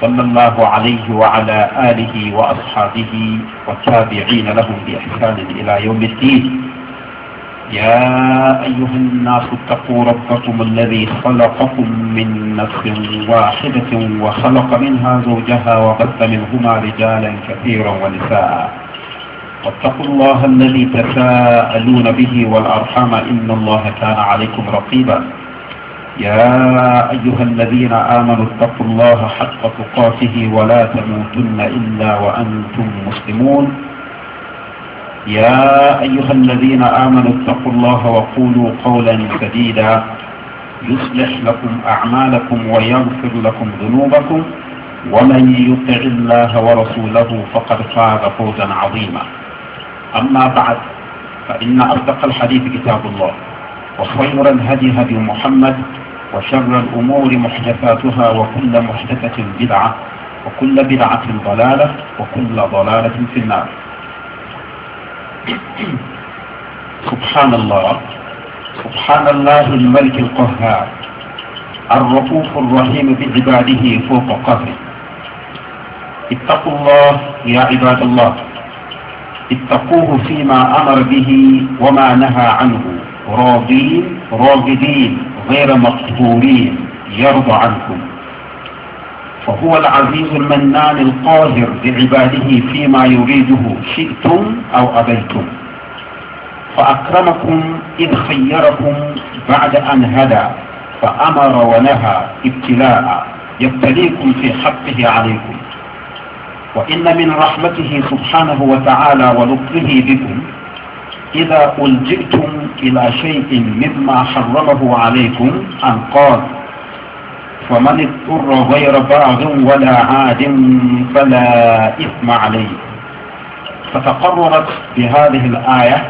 صلى الله عليه وعلى آله وأصحابه والتابعين لهم بإحسان إلى يوم الدين يا أيها الناس اتقوا ربكم الذي خلقكم من نفس واحدة وخلق منها زوجها وبث منهما رجالا كثيرا ونساء واتقوا الله الذي تساءلون به والأرحام إن الله كان عليكم رقيبا يا أيها الذين آمنوا اتقوا الله حق تقاته ولا تموتن إلا وأنتم مسلمون يا أيها الذين آمنوا اتقوا الله وقولوا قولا سديدا يصلح لكم أعمالكم ويغفر لكم ذنوبكم ومن يطع الله ورسوله فقد فاز فوزا عظيما أما بعد فإن أصدق الحديث كتاب الله وخير الهدي هدي محمد وشر الأمور محدثاتها وكل محدثة بدعة وكل بدعة ضلالة وكل ضلالة في النار سبحان الله سبحان الله الملك القهار الرؤوف الرحيم بعباده فوق قهره اتقوا الله يا عباد الله اتقوه فيما أمر به وما نهى عنه راضين راغبين غير مقتولين يرضى عنكم فهو العزيز المنان القاهر لعباده فيما يريده شئتم أو أبيتم فأكرمكم إذ خيركم بعد أن هدى فأمر ونهى ابتلاء يبتليكم في حقه عليكم وإن من رحمته سبحانه وتعالى ولطفه بكم إذا ألجئتم إلى شيء مما حرمه عليكم أن قال فمن اضطر غير باغ ولا عاد فلا إثم عليه فتقررت بهذه الآية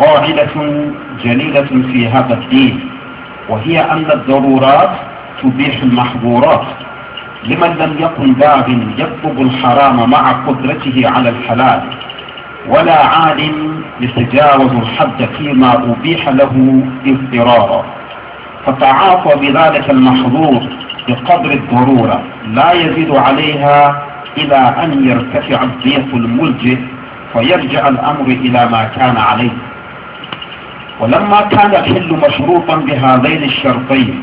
قاعدة جليلة في هذا الدين وهي أن الضرورات تبيح المحظورات لمن لم يكن باغ يطلب الحرام مع قدرته على الحلال ولا عالم يتجاوز الحد فيما أبيح له اضطرارا فتعاطى بذلك المحظور بقدر الضرورة لا يزيد عليها إلى أن يرتفع الضيف الملجئ فيرجع الأمر إلى ما كان عليه ولما كان الحل مشروطا بهذين الشرطين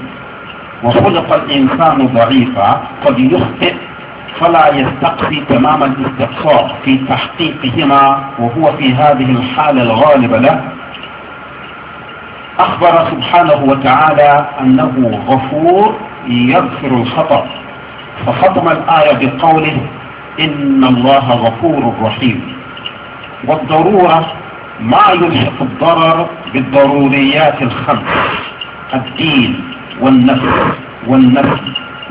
وخلق الإنسان ضعيفا قد يخطئ فلا يستقصي تمام الاستقصاء في تحقيقهما وهو في هذه الحالة الغالبة له أخبر سبحانه وتعالى أنه غفور يغفر الخطأ فختم الآية بقوله إن الله غفور رحيم والضرورة ما يلحق الضرر بالضروريات الخمس الدين والنفس والنفس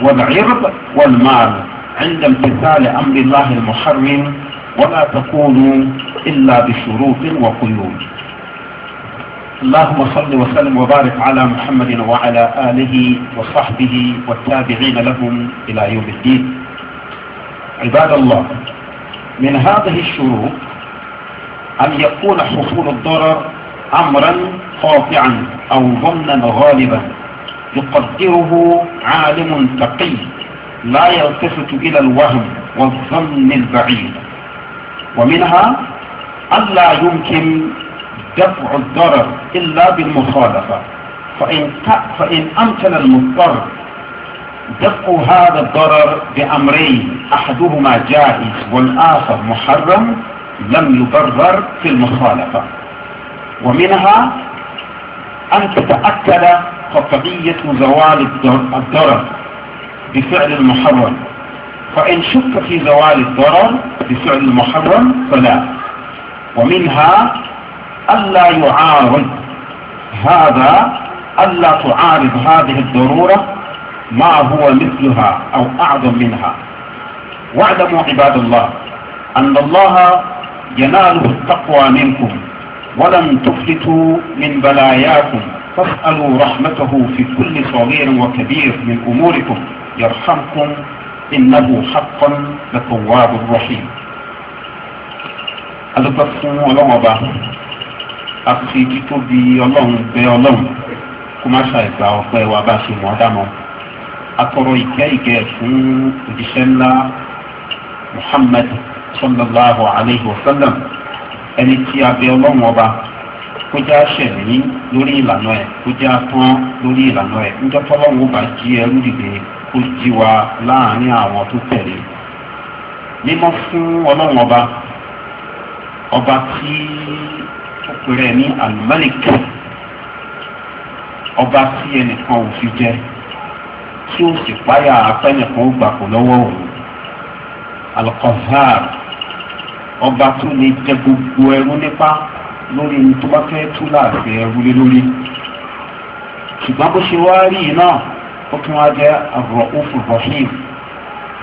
والعرض والمال عند امتثال أمر الله المحرم ولا تكونوا إلا بشروط وقيود اللهم صل وسلم وبارك على محمد وعلى آله وصحبه والتابعين لهم إلى يوم الدين عباد الله من هذه الشروط أن يكون حصول الضرر أمرا قاطعا أو ظنا غالبا يقدره عالم تقي لا يلتفت إلى الوهم والظن البعيد ومنها أن لا يمكن دفع الضرر إلا بالمخالفة فإن, فإن أمكن المضطر دفع هذا الضرر بأمرين أحدهما جائز والآخر محرم لم يبرر في المخالفة ومنها أن تتأكد قطعية زوال الضرر بفعل المحرم فإن شك في زوال الضرر بفعل المحرم فلا ومنها ألا يعارض هذا ألا تعارض هذه الضرورة ما هو مثلها أو أعظم منها واعلموا عباد الله أن الله يناله التقوى منكم ولم تفلتوا من بلاياكم فاسألوا رحمته في كل صغير وكبير من أموركم يرحمكم إنه حقا لتواب رحيم adúpẹ́ fún ọlọ́run ọba àti títóbi ọlọ́run bẹ ọlọ́run kó má ṣàìgbà ọpẹ́ wa bá ṣe mọ́ dámọ́ atọrọ ìkẹ́ ìkẹ́ fún òjíṣẹ́ ńlá muhammed sallallahu alayhi wa sallam ẹni tí a bẹ ọlọ́run ọba kó já ṣẹ̀mí lórí ìlànà ẹ̀ kó já tán lórí ìlànà ẹ̀ ń jẹ́ tọ́lọ́run ó jí ẹrú dìde kó jí wa láàrin àwọn tó tẹ̀lé mímọ́ fún ọlọ́run ọba ọba tí tó pèrè ní almalik ọba tí ẹnìkan ò fi jẹ tí ó sì páyà apẹ́nìkan ó gbàpọ̀ lọ́wọ́ òun alkọ̀fáàr ọba tó lè jẹ gbogbo ẹrú nípa lórí ẹni tó bá fẹ́ tú láàfin ẹrú lé lórí ṣùgbọ́n bó ṣe wá rí yìí náà ó tún wá jẹ́ àbúrò òfò rahim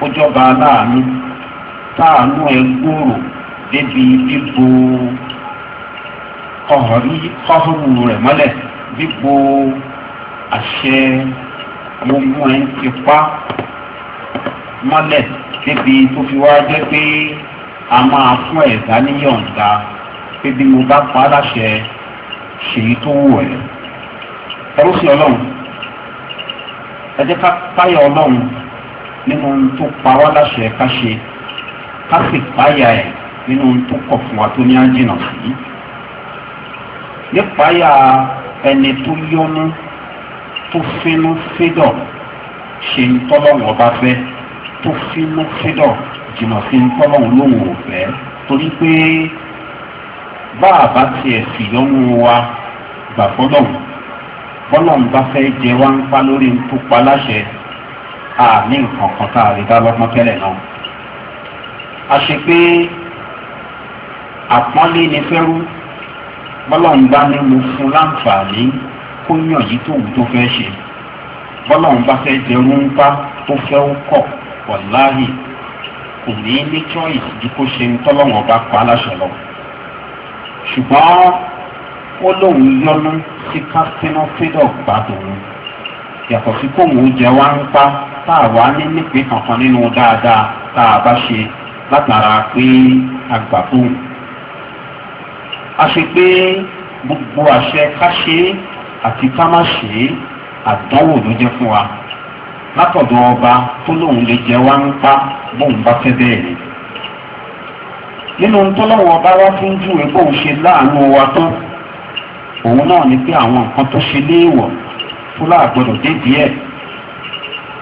ó jọba aláàánú táàánú ẹ gbòòrò débi bíbo kọ́hórù rẹ̀ mọ́lẹ̀ bíbo àṣẹ gbogbo ẹ̀ ń ti pa mọ́lẹ̀ débi tó fi wá jẹ́ pé a máa fún ẹ̀dá níyọ̀ǹda pé bí mo bá pa á láṣẹ ṣèyí tó wù ẹ́. ẹ ló ọlọ́run ẹ jẹ́ ká páyà ọlọ́run nínú ohun tó pa wá láṣẹ ká ṣe ká sì páyà ẹ̀ nínú ohun tó kọ̀ fún wa tó ní ájìnà sí. nípáyà ẹni tó yọnu tó fínú fídọ̀ ṣe ń tọ́lọ́wọ́ bá fẹ́ tó fínú fídọ̀ jìnnà sí ń tọ́lọ́wọ́ lóhùn òfẹ́ torí pé bá a bá tiẹ̀ fìyọ́nú wa gbà fọ́lọ́hùn bọ́lá ń bá fẹ́ jẹ wá ń pa lórí tó pa láṣẹ àmì nǹkan tá a lè dá lọ́gbọ́n tẹ́lẹ̀ náà. a ṣe pé àpọ́nlé ni fẹ́rú bọ́lá ń bá nínú fún láǹfààní kó yàn yí tóun tó fẹ́ ṣe bọ́lá ń bá fẹ́ jẹrú ń bá tó fẹ́ ó kọ̀ wàláhì kò ní ní choice ju kó ṣe ń tọ́lọ́wọ́n bá pa láṣẹ lọ. ṣùgbọ́n ó lóun yọnu sí kásínú fídọ̀ gbà tòun yàtọ̀ sí kóun jẹ wá ń pa tá a wá ní nípìn kankan nínú dáadáa tá a bá ṣe látara pé a gbà fóun a ṣe pé gbogbo àṣẹ ká àti ká àdánwò ló jẹ́ fún wa látọ̀dọ̀ ọba tó lóun lè jẹ́ wá ń pa bóun bá fẹ́ bẹ́ẹ̀ ni nínú tọ́lọ́wọ́ ọba wá fún júwe bóun ṣe láàánú wa tán òun náà ni pé àwọn nǹkan tó ṣe léèwọ̀ fúlà gbọdọ̀ débi ẹ̀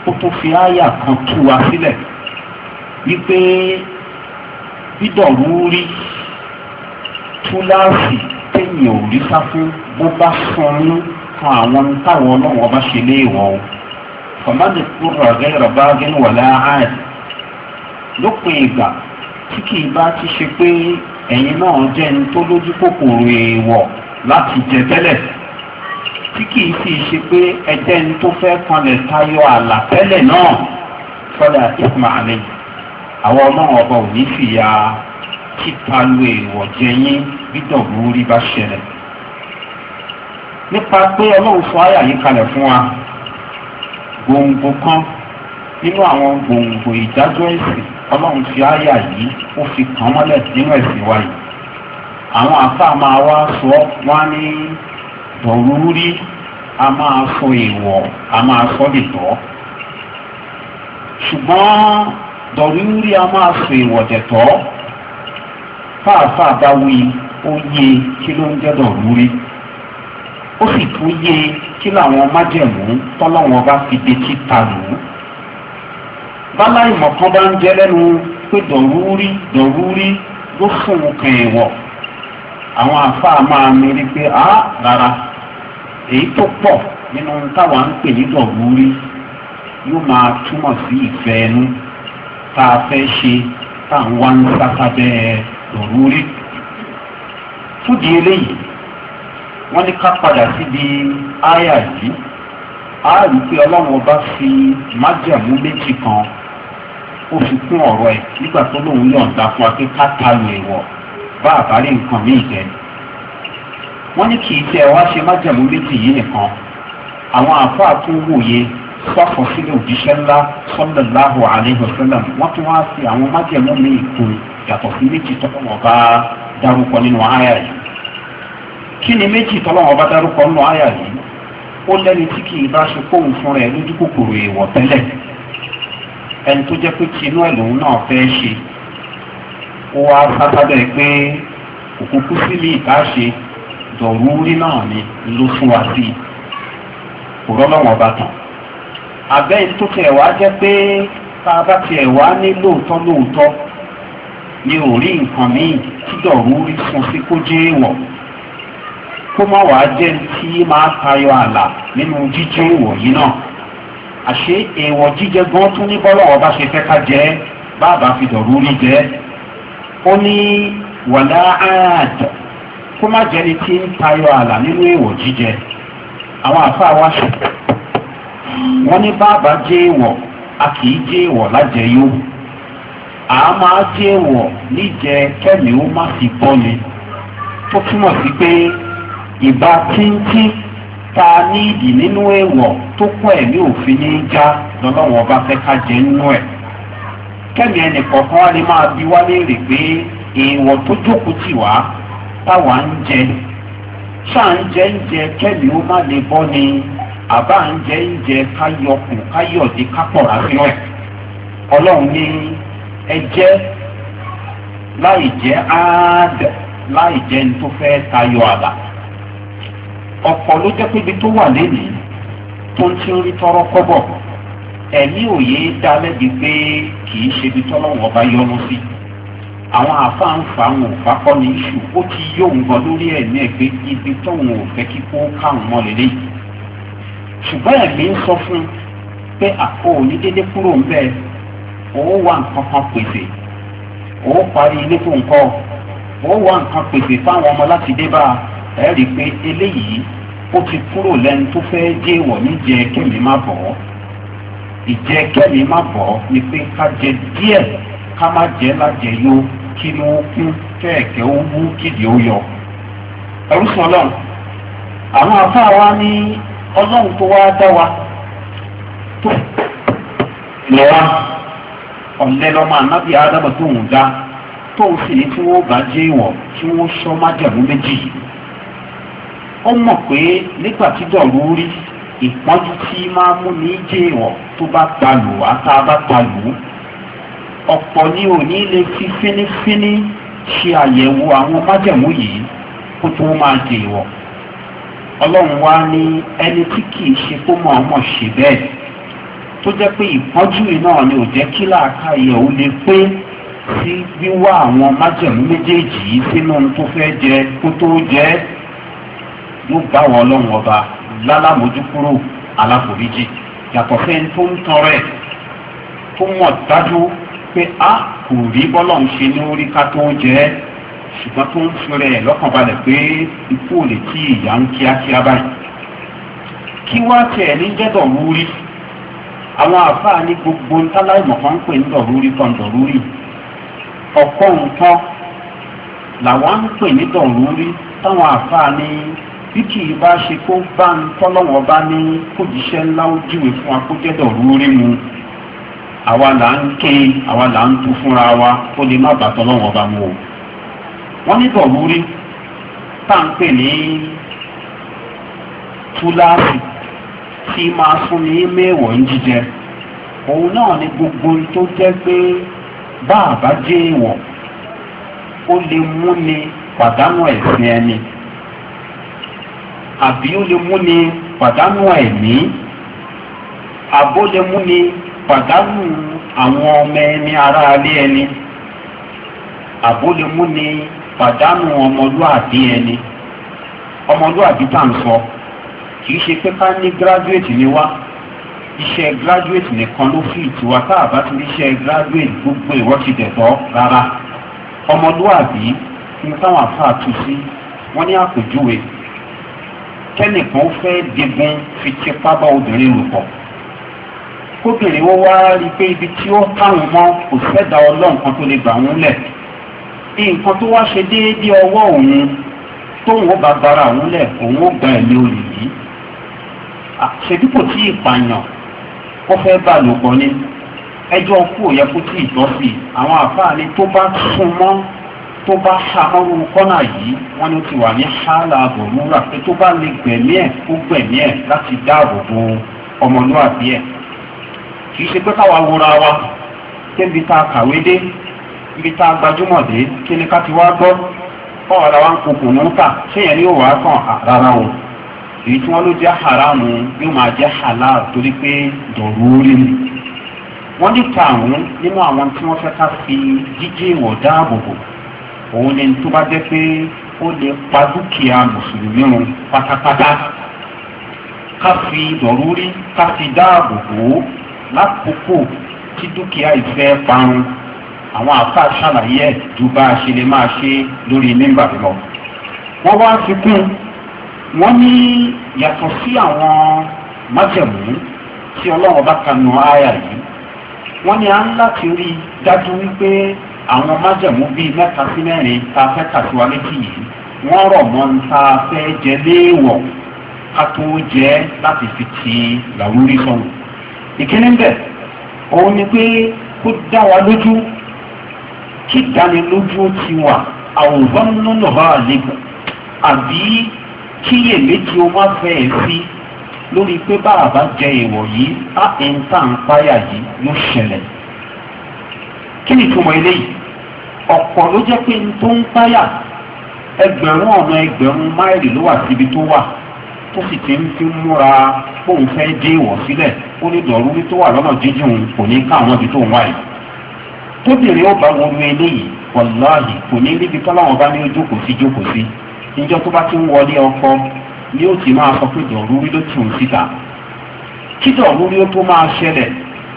ó tún fi àyà kan tú wa sílẹ̀ wípé bídọ̀rú rí túláàsì téèyàn ò rí sá fún bó bá sanú kan àwọn táwọn ọlọ́run ọba ṣe léèwọ̀ o fọmádì kúrò rẹ̀ rọ̀bá gẹ́nu wà láàárín lópin ìgbà tí kì í bá ti ṣe pé ẹ̀yin náà jẹ́ ẹni tó lójú kòkòrò èèwọ̀ láti jẹ tẹ́lẹ̀ tí kìí sì ṣe pé ẹjẹ́ ń tó fẹ́ kanlẹ̀ tayọ àlà tẹ́lẹ̀ náà fọ́dà ismaili àwọn ọlọ́run ọba ò ní fìyà títa lu èèwọ̀ jẹ yín bí dọ̀búrí bá ṣẹlẹ̀ nípa pé ọlọ́run sọ àyà yìí kalẹ̀ fún wa gbòǹgbò kan nínú àwọn gbòǹgbò ìdájọ́ ẹ̀sìn ọlọ́run fi àyà yìí ó fi kàn mọ́lẹ̀ nínú ẹ̀sìn wa yìí àwọn àfa máa wá sọ wá ní dọ̀rúrí a máa sọ èèwọ̀ a máa sọ dìtọ́ ṣùgbọ́n dọ̀rúrí a máa sọ èèwọ̀ dẹ̀tọ́ fáàfáà bá wí ó yé kí ló ń jẹ́ dọ̀rúrí ó sì tún yé kí làwọn májẹ̀mú tọ́lọ́wọ́n bá fi de títa lù ú báláì mọ̀kán bá ń jẹ́ lẹ́nu pé dọ̀rúrí dọ̀rúrí ló fún un kàn èèwọ̀ àwọn àfáà máa mi rí pé á ah, rárá èyí tó pọ̀ nínú táwa ń pè ní dọ̀wúrí yóò máa túmọ̀ sí ìfẹ́ ẹnu tá a fẹ́ ṣe tá à ń wá ń sátábẹ́ dọ̀wúrí. fúdi eléyìí wọ́n ní ká padà síbi áyà yìí á rí pé ọlọ́run ọba fi májẹ̀mú méjì kan ó fi kún ọ̀rọ̀ ẹ̀ nígbà tó lóun yọ̀ǹda fún wa pé ìwọ̀. E bá àbárí nǹkan míì jẹ wọ́n ní kì í tẹ wá ṣe májàmú méjì yìí nìkan àwọn àfáà tó wòye sọ́kọ̀ sílẹ̀ òjíṣẹ́ ńlá sọ́lẹ̀láhùn àlẹ́hùsọ́lẹ̀m wọ́n tún wá sí àwọn májàmú míì kun yàtọ̀ sí méjì tọ́kọ̀mọ̀ bá dárúkọ nínú àyà yìí kí ni méjì tọ́lọ́wọ́ bá dárúkọ nínú àyà yìí ó lẹ́ni tí kì í bá ṣe kóhùn fún rẹ̀ lójú kòkòrò èèwọ̀ tẹ́lẹ̀ ẹni tó jẹ́ pé tinú ẹ̀ lòun náà fẹ́ ṣe kó wá sábẹ́ pé òkúkú sílé ìbáṣe dọ̀rúurí náà ni ló fún wa sí i kò rọ́lọ́wọ́n bá tán. àbẹ́ tó tiẹ̀ wá jẹ́ pé tá a bá tiẹ̀ wá ní lóòótọ́ lóòótọ́ ni ò rí nǹkan míì tí dọ̀rúurí fún sí kó jẹ́ èèwọ̀ kó má wàá jẹ́ tí máa tayọ àlà nínú jíjẹ́ èèwọ̀ yìí náà àṣé èèwọ̀ jíjẹ gan tún ní bọ́lọ́wọ́ bá ṣe fẹ́ ká jẹ́ bá a bá fi dọ̀rúurí jẹ́ ó ní wàlá àádọ́ kó má jẹ́ni tí ń tayọ àlà nínú èèwọ̀ jíjẹ àwọn àfáà wá ṣe wọ́n ní bàbá jẹ́ èèwọ̀ a kì í jẹ́ lájẹ yóò máa jẹ́ níjẹ kẹ́mi ó má fi bọ́ ni tó túmọ̀ sí pé ìbá tíntín ta ní ìdí nínú tó kọ́ òfin ní kẹ́mi ẹnìkọ̀ọ̀kan ni máa bi wá léèrè pé èèwọ̀ tó jókòó tì wá táwa ń jẹ ṣáà ń jẹ ń jẹ kẹ́mi ó má lè bọ́ ni àbá ń jẹ ń jẹ káyọkùn káyọ̀dé kápọ̀rá sí ọ̀ ọlọ́run ní ẹjẹ́ láì jẹ́ áádẹ̀ láì jẹ́ ní tó fẹ́ tayọ àlà ọ̀pọ̀ ló jẹ́ pé ibi tó wà lénìí tó ń ti ń rí tọrọ kọ́bọ̀ ẹ̀mí òye dá lẹ́bi pé kì í ṣe ibi tọ́lọ́wọ́ bá yọnu sí àwọn àfáàǹfà àwọn òfakọ́ ní iṣu ó ti yóhùn gan lórí ẹ̀mí ẹ̀ pé ibi tóun ò fẹ́ kíkó káwọn mọ́ lélẹ́ yìí ṣùgbọ́n ẹ̀mí ń sọ fún un pé àpò òní dédé kúrò ń bẹ́ẹ̀ òun wà nǹkan kan pèsè òun parí ilé fún nǹkan òun wà nǹkan pèsè fáwọn ọmọ láti dé bá ẹ rí i pé eléyìí ó ti kúrò lẹ́nu tó fẹ́ ìjẹ́ kẹ́mi má bọ̀ ni pé ká jẹ díẹ̀ ká má jẹ lájẹ yó kí ni ó kú kẹ́ẹ̀kẹ́ ó wú kídi ó yọ. ẹrú sọ lọ́n àwọn afáà wa ní ọlọ́run tó wá dá wa tó lọ wá ọ̀lẹ́ lọ́mọ anábì ádámà tó ń dá tó ń sì ní tí wọ́n bá jẹ́ ìwọ̀ tí wọ́n sọ májàmú méjì. ó mọ̀ pé nígbà tí dọ̀rú rí ìpọ́njú tí máa mú ní jèèwọ̀n tó bá ta lù wá tá a bá ta lù ú ọ̀pọ̀ ni ò ní lè fi fínífíní ṣe àyẹ̀wò àwọn májẹ̀mú yìí kó tó máa jèèwọ̀n ọlọ́run wá ní ẹni tí kìí ṣe kó mọ̀ ọmọ ṣe bẹ́ẹ̀ tó jẹ́ pé ìpọ́njú yìí náà ni ò jẹ́ kí làákàyè ò lè pé sí wíwá àwọn májẹ̀mú méjèèjì yìí sínú ohun tó fẹ́ jẹ kó tó jẹ yóò bá wọn ọlọ́run ọba lálàmójúkúrò aláforíjì yàtọ̀ fẹ́ni tó ń tọrọ ẹ̀ tó mọ̀ dájú pé a kò rí bọ́lọ̀ ń ṣe ní orí ká tó jẹ́ ẹ́ ṣùgbọ́n tó ń fẹ́rẹ̀ ẹ̀ lọ́kàn balẹ̀ pé ikú ò lè kí ìyá ń kíákíá báyìí. kí wá tiẹ̀ ní jẹ́ dọ̀rúurí àwọn àfáà ní gbogbo ńláìmọ̀ kan ń pè ní dọ̀rúurí kan dọ̀rúurí ọ̀pọ̀ nǹkan làwọn ń pè ní dọ̀rúurí táwọn àfáà ní bí kì bá ṣe kó bá ń tọ́lọ́wọ́ bá ní jíṣẹ́ ńlá ó fún wa kó jẹ́dọ̀ rúurí mu àwa là ń ké àwa là ń fúnra wa ó lè má bàa bá mu o. wọ́n ní dọ̀rúurí tá à ń pè ní túláàsì tí máa fún ní ń jíjẹ òun náà ni gbogbo tó jẹ́ pé bá ó lè pàdánù ẹ̀sìn ẹni. àbí ó lè mú ni pàdánù ẹ̀mí àbó lè mú ni pàdánù àwọn ọmọ ẹni ará alé ẹni àbó lè mú ni pàdánù ọmọlúàbí ẹni ọmọlúàbí tá à sọ kì ṣe pé ká ní gíráduwétì ni wá iṣẹ́ gíráduwétì nìkan ló fi ìtura tá a bá ti ní iṣẹ́ gíráduwétì gbogbo ìwọ́sídẹ̀tọ́ rárá ọmọlúàbí ní táwọn àfáà tu wọ́n ní àpèjúwe kẹ́nìkan fẹ́ digun fi tipa bá obìnrin lò pọ̀ kóbìnrin ó wá rí i pé ibi tí ó káwọn mọ́ kò sẹ́dá ọlọ́run kan tó lè gbà wọ́n lẹ̀ nǹkan tó wá ṣe déédéé ọwọ́ òun tóun ó bá gbára òun lẹ̀ òun ó gba ẹ̀mí olè yìí ṣèbí kò tí ì pààyàn ó fẹ́ bá lò pọ̀ ni ẹjọ́ kú òyẹ kó tí ì tọ́ sí àwọn àfáàní tó bá sún mọ́ tó bá ha ọrùn kọ́nà yìí wọ́n ní ó ti wà ní hálà àbòrúnra pé tó bá lè gbẹ̀mí ẹ̀ kó gbẹ̀mí ẹ̀ láti dáàbò bo ọmọlúwàbí ẹ̀. kì í ṣe pé káwa wúra wa kébi tá a kàwé dé ibi tá a gbajúmọ̀ dé kí ni ká ti wá gbọ́ báwa la wá ń kokò ní ká ṣéyẹn ni yóò wá kàn rárá o èyí tí wọ́n ló jẹ́ haramu yóò máa jẹ́ halal torí pé dọ̀rúurí ni wọ́n ní tààrùn nínú àwọn tí wọ́n fẹ́ ká fi jíjẹ́ ìwọ̀ dáàbò bò òun ni tó bá jẹ́ pé ó lè pa dúkìá mùsùlùmí run pátápátá ká fi dọ̀rúrí ká fi dáàbò bò ó lákòókò tí dúkìá ìfẹ́ parun àwọn àfa ṣàlàyé ẹ̀ ju bá a ṣe lè máa ṣe lórí nígbà lọ. wọ́n wá fi kún wọ́n ní yàtọ̀ sí àwọn májẹ̀mú tí ọlọ́run bá kanu àyà yìí wọ́n ní à ń láti rí i dájú wípé àwọn májẹ̀mú bíi mẹ́ta sí mẹ́rin tá a fẹ́ kàtiwá létí yìí wọ́n rọ̀ mọ́ ń tá a fẹ́ jẹ léèwọ̀ ká tó jẹ́ láti fi ti làwúrí sọ́hùn. ìkíní bẹ̀ òun ni pé kó dá wa lójú kí ìdánilójú ti wà àwòrán nínú bá àlejò àbí kíyèméjì o má fẹ́ ẹ̀ sí lórí pé bá a bá jẹ èèwọ̀ yìí á ẹ̀ ń tà ń páyà yìí ló ṣẹlẹ̀ kí ni ìtumọ̀ eléyìí ọ̀pọ̀ ló jẹ́ pé n tó ń páyà ẹgbẹ̀rún ọ̀nà ẹgbẹ̀rún máìlì ló wà síbi tó wà tó sì ti ń fi múra fóun fẹ́ dé ìwọ̀ sílẹ̀ ó ní dọ̀rúrí tó wà lọ́nà jíjìn kò ní ká àwọn ibi tó ń wá tóbìnrin ó bá wọnú eléyìí wàláhì kò ní níbi tọ́láwọn bá ní jókòó sí jókòó sí níjọ́ tó bá ti ń wọlé ọkọ ni ó ti máa sọ pé dọ̀rúrí ló tì ń síta kí dọ̀rúrí ó tó máa ṣẹlẹ̀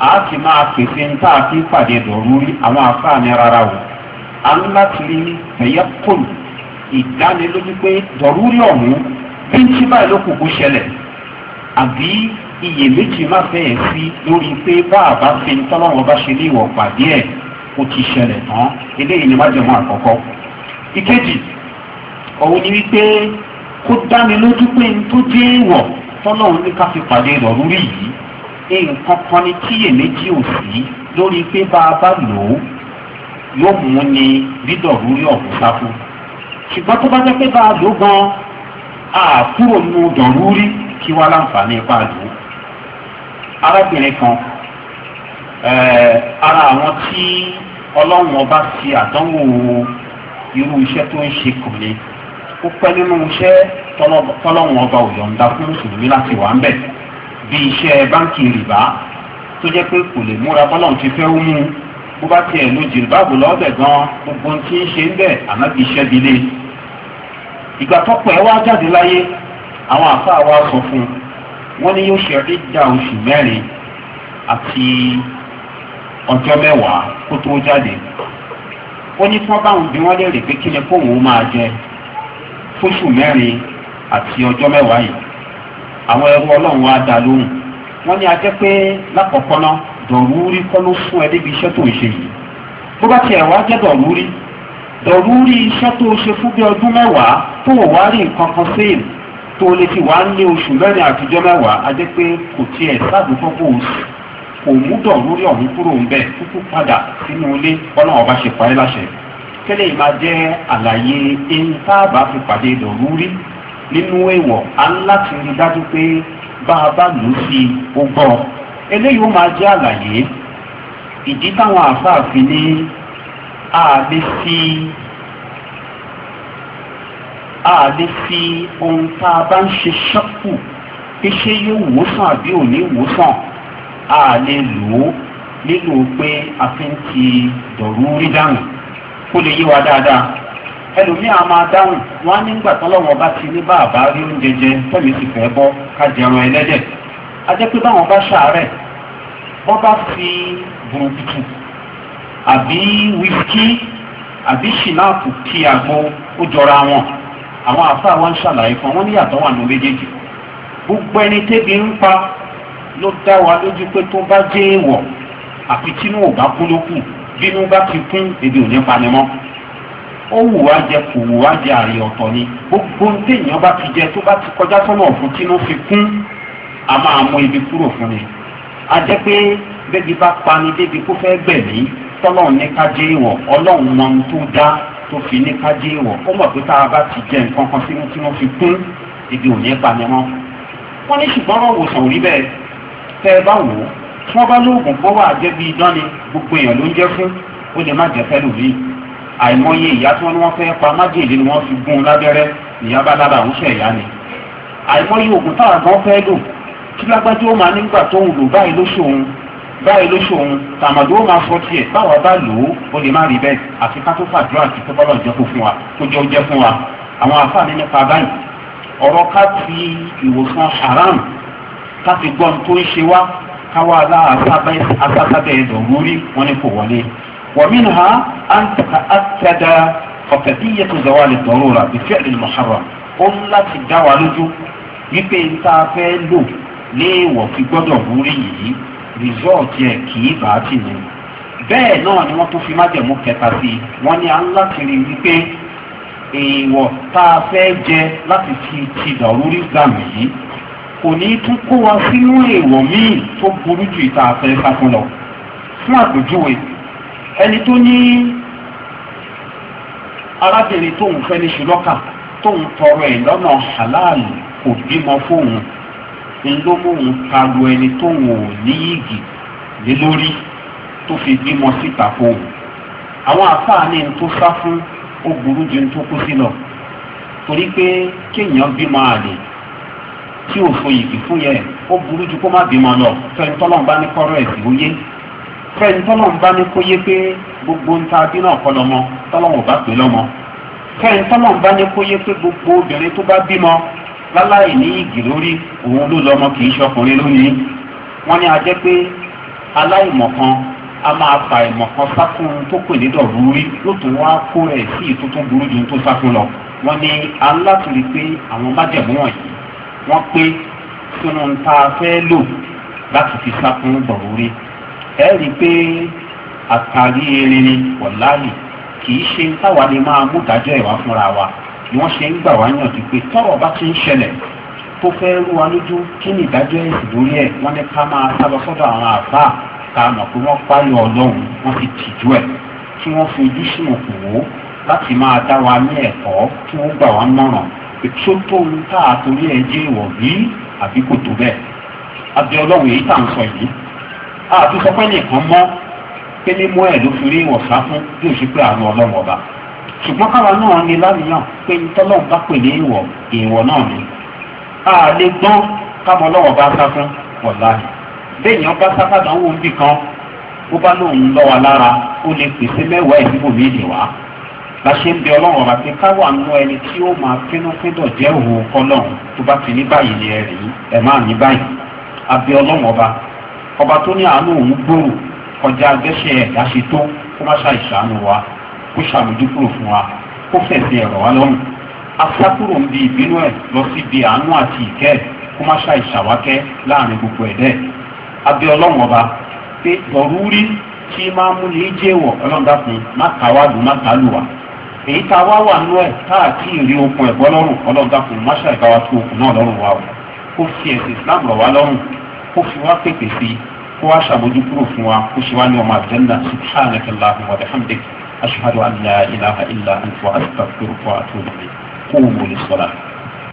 àá ti máa pèsè ń tá a fi pàdé dọ̀rúrí àwọn àfáàní rárá o a ń láti rí tẹ̀yẹ́kùn ìdánilójú pé dọ̀rúrí ọ̀hún bí ń tí báyìí ló kù kó ṣẹlẹ̀ àbí iyèméjì má fẹ́ẹ̀ sí lórí pé báàbá fi ń tọ́lọ́wọ́ bá ṣe ní ìwọ̀ pàdé ẹ̀ ó ti ṣẹlẹ̀ tán eléyìí ni májèmọ́ àkọ́kọ́. ìkejì òun ni wípé kó dánilójú pé n tó dé ìwọ̀ tọ́lọ́run ní ká fi pàdé dọ̀rúrí yìí nǹkan kan ni tíyèméjì ò sí lórí pé bá a yóò mú ni dídọ̀rúrí ọ̀hún sáfù ṣùgbọ́n tó bá jẹ́ pé bá a lò gan àkúrò nu dọ̀rúrí kí wá láǹfààní ipa lò ó arábìnrin kan ara àwọn tí ọlọ́run ọba ti àdánwò irú iṣẹ́ tó ń ṣe kò le ó pẹ́ nínú iṣẹ́ tọ́lọ́run ọba ò yọ̀ǹda fún mùsùlùmí láti wà ń bẹ̀ bí iṣẹ́ báńkì rìbá tó jẹ́ pé kò lè múra bọ́lọ́run ti fẹ́ mú un bó bá tiẹ̀ lu jìlbáàbù lọ́ọ̀bẹ̀ gan gbogbo tí ń ṣe ń bẹ̀ àmọ́ kì í ṣẹ́bi lé ìgbà tó pẹ́ wá jáde láyé àwọn àfa wa sọ fún wọn ní yóò ṣe ìdá oṣù mẹ́rin àti ọjọ́ mẹ́wàá kó tó jáde ó ní tí wọ́n bí wọ́n léèrè pé kí ni kóun ó máa jẹ fóṣù mẹ́rin àti ọjọ́ mẹ́wàá yìí àwọn ẹrú ọlọ́run wa dá lóhùn wọ́n ní a jẹ́ pé lákọ̀ọ́kọ́ náà dọ̀rúurí kọ́ ló fún ẹ débi iṣẹ́ tó ń ṣe yìí bó bá tiẹ̀ wá jẹ́ dọ̀rúurí dọ̀rúurí iṣẹ́ tó ṣe fún bí ọdún mẹ́wàá tó ò wá rí nǹkan kan sẹ́yìn tó lè fi wá ní oṣù mẹ́rin àtijọ́ mẹ́wàá a jẹ́ pé kò tiẹ̀ sáàdúgbò kó o kò mú dọ̀rúurí ọ̀hún kúrò ń bẹ̀ kúkú padà sínú ilé ọlọ́run ọba ṣe parí eléyìí ó máa jẹ́ àlàyé ìdí táwọn àáfàá fi ní ààbí fi ààbí fi ohun tá a bá ń ṣe ṣọ́pù pé ṣé yóò wòsàn àbí ò ní wòsàn a lè lò ó nílò pé a fi ń ti dọ̀rú rí dáhùn kó lè yé wa dáadáa ẹlòmíà máa dáhùn wọn á nígbà tọ́lọ́wọ́n bá ti ní bá àbá rí oúnjẹ jẹ tọ́lẹ̀ sì fẹ́ bọ́ ká jẹran ẹlẹ́dẹ̀ ajẹ́ pé báwọn bá ṣàárẹ̀ wọ́n bá fi bùrùn tutù àbí wíṣkí àbí ṣìnáàpù kí àgbo ó jọra wọn àwọn àfáà wọn ń ṣàlàyé fún wọn níyàtọ̀ wà ní méjèèjì gbogbo ẹni tébi ń pa ló dá wa lójú pé tó bá jẹ́ èèwọ̀ àfi tínú ò bá kú ló kù bínú bá ti kún ebi ò panimọ́ ó wù wá jẹ kò wù wá jẹ àrè ọ̀tọ̀ ni gbogbo téèyàn bá ti jẹ tó bá ti kọjá sọ́nà ọ̀fun tínú fi kún a máa mú ibi kúrò fún ni a jẹ́ pé bẹ́ẹ̀ni bá pani débi kó fẹ́ gbẹ̀mí tọ́lọ́run ní ká jẹ́ ìwọ̀ ọlọ́run mọ ohun tó dá tó fi ní ká ìwọ̀ ó mọ̀ pé tá a bá ti jẹ nǹkan kan sínú tí wọ́n fi kún ibi ò ní pani mọ́ wọ́n ní ṣùgbọ́n ọ̀wòsàn ò rí bẹ́ẹ̀ tẹ́ ẹ bá wò ó tí wọ́n bá lóògùn kó wà jẹ́ bí idán ni gbogbo èèyàn ló ń jẹ́ fún ó lè má jẹ́ fẹ́lú rí àìmọye ìyá tí wọ́n ní wọ́n fẹ́ pa májèlé ni wọ́n fi gún un lábẹ́rẹ́ ìyá bá lára àwọn ṣẹ̀yà ni àìmọye oògùn táwọn gan fẹ́ lò kí lágbájú ó máa nígbà tó ń lò báyìí lóṣù òun báyìí lóṣù òun tàmàdó ó máa sọ tiẹ̀ báwa bá lò ó ó lè má rí bẹ́ẹ̀ àfi ká tó fàdúrà àti tó bọ́lọ̀ jẹ́ kó fún wa tó jẹ́ ó jẹ́ fún wa àwọn afáàní nípa báyìí ọ̀rọ̀ ká ti ìwòsàn haram ká ti gbọ́n tó ń ṣe wá káwá aláàbábẹ́ ẹ̀dọ̀ lórí wọn ni kò wọlé wàmínú ha àtẹ̀dá ọ̀tẹ̀díyẹ tó zọwọ́ àlè dọ̀rọ̀ rà bí fẹ́ẹ̀lì léèwọ̀ fi gbọ́dọ̀ borí yìí rìsọ́ọ̀tì ẹ̀ kì í bàá tì ní. bẹ́ẹ̀ náà ni wọ́n tún fi májẹ̀mú kẹta sí i wọ́n ní à ń láti rí wípé èèwọ̀ tá a fẹ́ jẹ láti fi ti dàrúrí gbàm yìí kò ní tún kó wa sínú èèwọ̀ míì tó burú ju ìta àfẹ́ sákun lọ. fún àpèjúwe ẹni tó ní arábìnrin tóun fẹ́ ní ṣùlọ́kà tóun tọrọ ẹ̀ lọ́nà halal kò bímọ fóun ń ló mòun taro ẹni tó wò ní yìgì lé lórí tó fi bímọ síta fóun àwọn àfáà ní n tó sá fún ó burú ju n tó kú sí lọ torí pé kéèyàn bímọ àlè tí ò so yìgì fún yẹ ó burú ju kó má bímọ lọ fẹ́ni tọ́lọ́n bá ní kọ́rọ́ ẹ̀sìn ó yé fẹ́ni tọ́lọ́n bá ní kó yé pé gbogbo ń ta bí náà kọ́ lọ́mọ tọ́lọ́n ò bá pè lọ́mọ fẹ́ni tọ́lọ́n bá ní kó yé pé gbogbo obìnrin tó bá bímọ láláì ní igi lórí òun ló lọmọ kì í ṣọkùnrin lónìí wọn ní a jẹ pé aláìmọ̀kan a máa fa ìmọ̀kan sákún tó pè ní dọ̀rúurí yóò tún wá kó rẹ̀ sí ìtútún burú ju tó sákún lọ wọn ní alátùrí pé àwọn májẹ̀mú wọ̀nyí wọ́n pé sínú tá a lò láti fi sákún dọ̀rúurí ẹ rí i pé àtàrí erin wọ̀láyì kì í ṣe táwa lè máa mú dájọ́ ìwà fúnra wa ni wọ́n ṣe ń gbà wá yànjú pé tọ́rọ̀ bá ti ń ṣẹlẹ̀ tó fẹ́ rú wa lójú kí ni ìdájọ́ ẹ̀sìn lórí ẹ̀ wọ́n ní ká máa sábà sọ́dọ̀ àwọn àbá ká mọ̀ pé wọ́n páyọ̀ ọlọ́run wọ́n ti tìjú ẹ̀ kí wọ́n fi ojú sí òkú wò láti máa dá wa ní ẹ̀kọ́ kí wọ́n gbà wá mọ̀ràn ètò tó ń tà àtòrí ẹ̀ jẹ́ ìwọ̀ bí àbí kò tó bẹ́ẹ̀ abẹ́ ọlọ́run èyí tà ń sọ yìí àtúnṣọpẹ́ nìkan mọ́ pé ẹ̀ ló fi rí ìwọ̀sán fún bí òṣèpẹ́ ṣùgbọ́n káwa náà ní láníyàn pé tọ́lọ́run bá pè ní ìwọ̀ ìwọ̀ náà ni a lè gbọ́n káwọn ọlọ́wọ́ bá sá fún wọ̀láhì béèyàn bá sá fàdánwò níbì kan ó bá lóun lọ́wọ́ lára ó lè pèsè mẹ́wàá ìdìbò méjì wá la ṣe ń bẹ ọlọ́run ọba pé káwà ń lọ ẹni tí ó máa fínúfíndọ̀ jẹ́ òwò kọlọ́run tó bá ti ní báyìí ni ẹ rí ẹ máa ní báyìí abẹ ọlọ́run ọba ọba tó ní àánú òun gbòòrò kọjá agẹ́ṣẹ́ ẹ̀dá ṣe tó kó má ṣàìṣàánú wa kó ṣàmójúkúrò fún wa kó fẹ̀sẹ̀ ẹ̀rọ wa lọ́rùn asákúrò ń di ìbínú ẹ̀ lọ sí ibi àánú àti ìkẹ́ ẹ̀ kó má ṣàì ṣàwákẹ́ láàrin gbogbo ẹ̀dẹ́ abẹ́ ọlọ́run ọba pé dọ̀rúrí tí máa mú ní jẹ́wọ̀ ọlọ́run dákun má kà wá dùn má kà lù wá èyí tá a wá wà nú ẹ̀ káàkiri ìrí okun ẹ̀gbọ́ lọ́rùn ọlọ́run dákun má ṣàì bá wa tó okun náà lọ́rùn wa o kó fi ẹ̀sìn islam rọ̀ wá lọ́rùn kó fi wá pèpè sí kó wá ṣàmójúkúrò fún wa kó ṣe wá ní ọmọ àjẹ́ńdà subhanahu wa ta'ala أشهد أن لا إله إلا أنت وأستغفرك وأتوب إليك قوموا للصلاة